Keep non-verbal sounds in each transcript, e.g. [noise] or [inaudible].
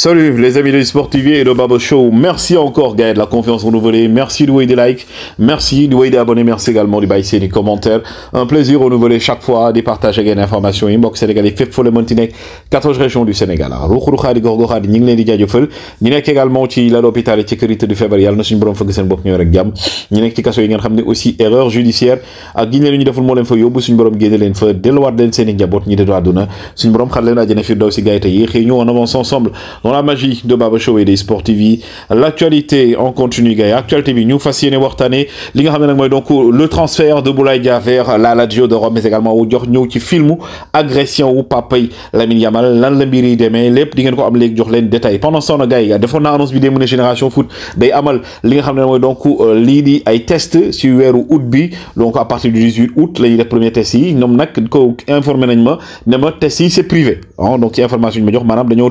Salut les amis de Sport TV et de Babo Show. Merci encore Gaël de la confiance renouvelée. Merci de des likes. Merci de des abonnés. Merci également du bail et des commentaires. Un plaisir renouvelé chaque fois des partages des informations. Inbox sénégalais, pour le Montenegro, 14 régions du Sénégal. Roukhoukha de Gorgora de Ningle de Diadjofel. Ninek également qui l'a l'hôpital et sécurité du février. Nous sommes bons focus en bok n'y aurait gamme. Ninek qui casse une aussi erreur judiciaire. À Guinée, nous devons l'info yobu sur une bonne guinée l'info. Dès le warden sénégalais, bot n'y de droit Nous sommes une bonne khalena, j'ai fait d'aussi Gaël et nous en avance ensemble dans la magie de Baba et des Sport TV l'actualité en continu gars Actual TV ñu fas yéene waxtaane li nga donc le transfert de Boulaye vers la Lazio de Rome mais également au jox qui ci agression ou Papay Lamine Yamal la mbir yi demee lépp di ngeen ko am léegi jox leen détail pendant ce temps nag gars de defoon on annonce bi des mu Génération Foot day amal li nga donc euh, lii di ay test si weeru août bi donc à partir du 18 août la ñuy premier test yi ñoom nag ko informé nañ ma ne test c'est privé ah, donc ci information yi jox maanaam dañoo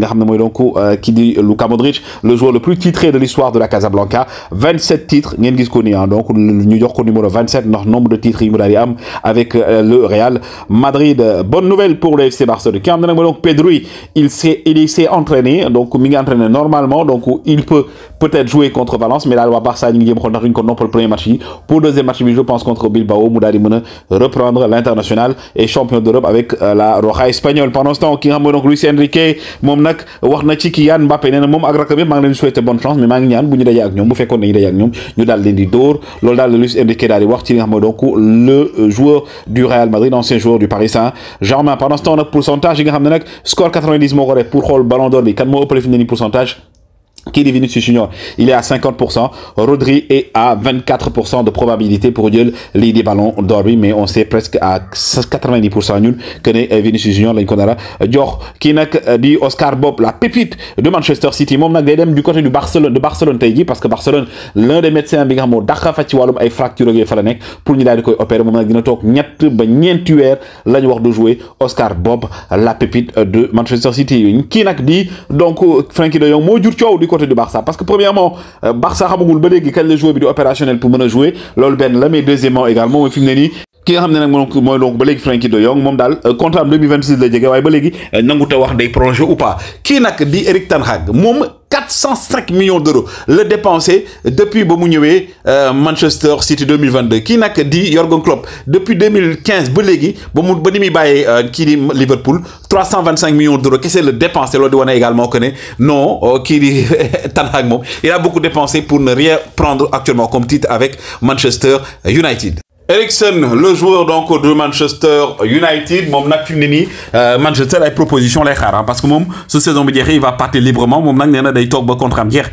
Euh, qui dit Luca Luka Modric le joueur le plus titré de l'histoire de la Casablanca 27 titres hein. donc New York au numéro 27 notre nombre de titres avec euh, le Real Madrid bonne nouvelle pour le FC Barcelone Pedro il s'est entraîné donc il s'est entraîné normalement donc il peut peut-être jouer contre Valence mais là, loi Barça a ngi jéem une ndax pour ko premier match Pour pour deuxième match je pense contre Bilbao mu daal di reprendre l'international et champion d'Europe avec euh, la Roja espagnole pendant ce temps ki donc Luis Enrique Momnak Warnachi wax ci Kylian Mbappé nee Mom, ak bonne chance mais maa ngi ñaan bu ñu dajee ak ñoom bu fekkoon dañuy ak ñu di Luis Enrique daal di wax donc le joueur du Real Madrid ancien joueur du Paris Saint-Germain pendant ce temps nag pourcentage yi xam score 90 moo pour xool ballon d'or bi kan moo pour fi finir pourcentage qui est Vinicius Junior Il est à 50%. Rodri est à 24% de probabilité pour Dieu les des ballons d'or. mais on sait presque à 90% nul que est euh, Vinicius Junior lañ ko dara jox di Oscar Bob la pépite de Manchester City Mon nag day du côté du Barcelone de Barcelone parce que Barcelone l'un des médecins bi nga xam moo dàqa fa ci pour une idée di koy opérer moom nag dina toog ñett ba de jouer Oscar Bob la pépite de Manchester City kii dit di donc Frankie de Jong moo jur côté du Barça parce que premièrement euh, Barça a ba légui kañ de joueur bi opérationnel pour mener jouer loolu ben la mais deuxièmement également ki nga xam ne ba de Jong euh, contrat 2026 la jege way ba léegi euh, wax ou pas Kinak nak di Eric Ten Hag 405 millions d'euros le dépensé depuis ba euh, Manchester City 2022 Kinak nak di Jürgen Klopp depuis 2015 ba léegi ba ba Liverpool 325 millions d'euros Qu'est-ce que le dépensé lo di wone également que non ki di [laughs] Ten Hag il a beaucoup dépensé pour ne rien prendre actuellement comme titre avec Manchester United. Eriksen le joueur donc de Manchester United moom nag fi ni euh, Manchester ay proposition les rares hein, parce que moom ce saison bi il va partir librement moom nag nee na day toog ba contrat am jeex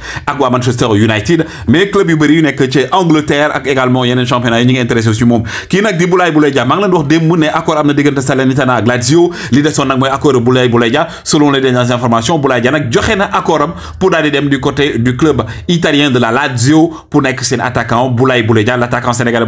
Manchester United mais club yu bëri yu nekk ci Angleterre ak également yeneen championnat yi ñu ngi intéressé aussi moom qui n'a di Boulaye Boulaye Dia maa ngi wax démb ne accord am na salaire Salernitana ak Lazio li desoon nag mooy accord Boulaye Boulaye Dia selon les dernières informations Boulaye Dia nag joxe na accord pour aller du côté du club italien de la Lazio pour nekk un attaquant Boulaye Boulaye Dia l'attaquant sénégalais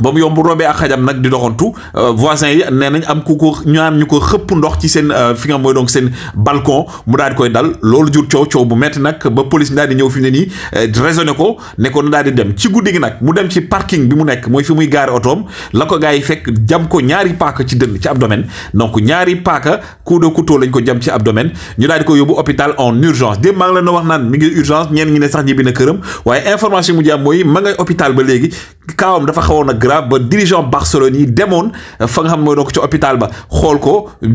ba mu yomb rombee ak xajam nag di doxantu euh, voisins yi nee nañ am ku ko ñaan ñu ko xëpp ndox ci seen euh, fi nga mooy donc seen balcon mu daal di koy dal loolu jur coow coow bu metti nag ba police bi daal di ñëw fi ne nii euh, raisonné ko ne daal di dem ci guddi gi nag mu dem ci parking bi mu nekk mooy fi muy gaari otoom la ko gars yi fekk jam ko ñaari paaka ci dënn ci abdomen donc ñaari paaka coup de couteau ko jam ci abdomen ñu daal di ko yóbbu hôpital en urgence démb maa ngi leen wax naan mi ngi urgence ñeen ñi ne sax ñibbi na këram waaye information mu ji am mooy ma ngay hôpital ba léegi kaawam dafa xawoon grave ba dirigeant Barcelone yi demoon fa nga hôpital ba xool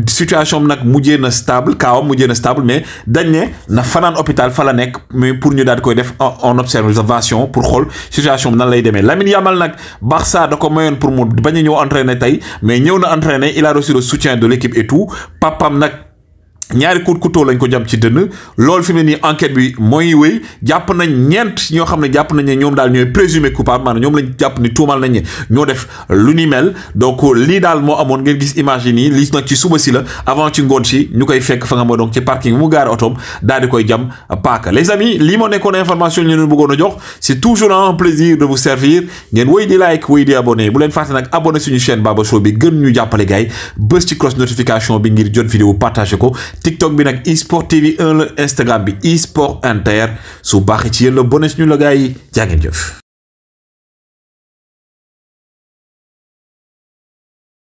situation nag na stable kaawam mujjee na stable mais dañ ne na fanaan hôpital fa la mais pour ñu daal on koy def en observation pour hol situation l'aider nan lay demee Lamine Yamal nag Barça da ko pour mon bañ a ñëw entraîné tey mais ñëw na entraîné il a reçu le soutien de l'équipe et tout papam nag ñaari coup de couteau lañ ko jam ci dënn loolu fi mu ne enquête bi moy wey japp nañ ñent ño xamne japp nañ ñom dal ñoy présumé coupable man ñom lañ japp ni tuumal nañ ne def lu ni mel donc li dal mo amone ngeen gis image yi nii lii ci suba si la avant ci ngone si ñukay fekk fa nga mo donc ci parking mu gar otoom dal di koy jam paaka les amis lii moo nekkoon information ñu leen bëggoon jox c'est toujours un plaisir de vous servir ngeen wéy di like wéy di abonné bu leen fàtte nak abonné suñu chaîne Baba Show bi gën ñu jappalé gay yi ci cross notification bi ngir jot vidéo partager ko TikTok bi nag eSport TV 1 la Instagram bi eSport Inter su baaxee ci yéen la bone ci ñu la gars yi jaa ngeen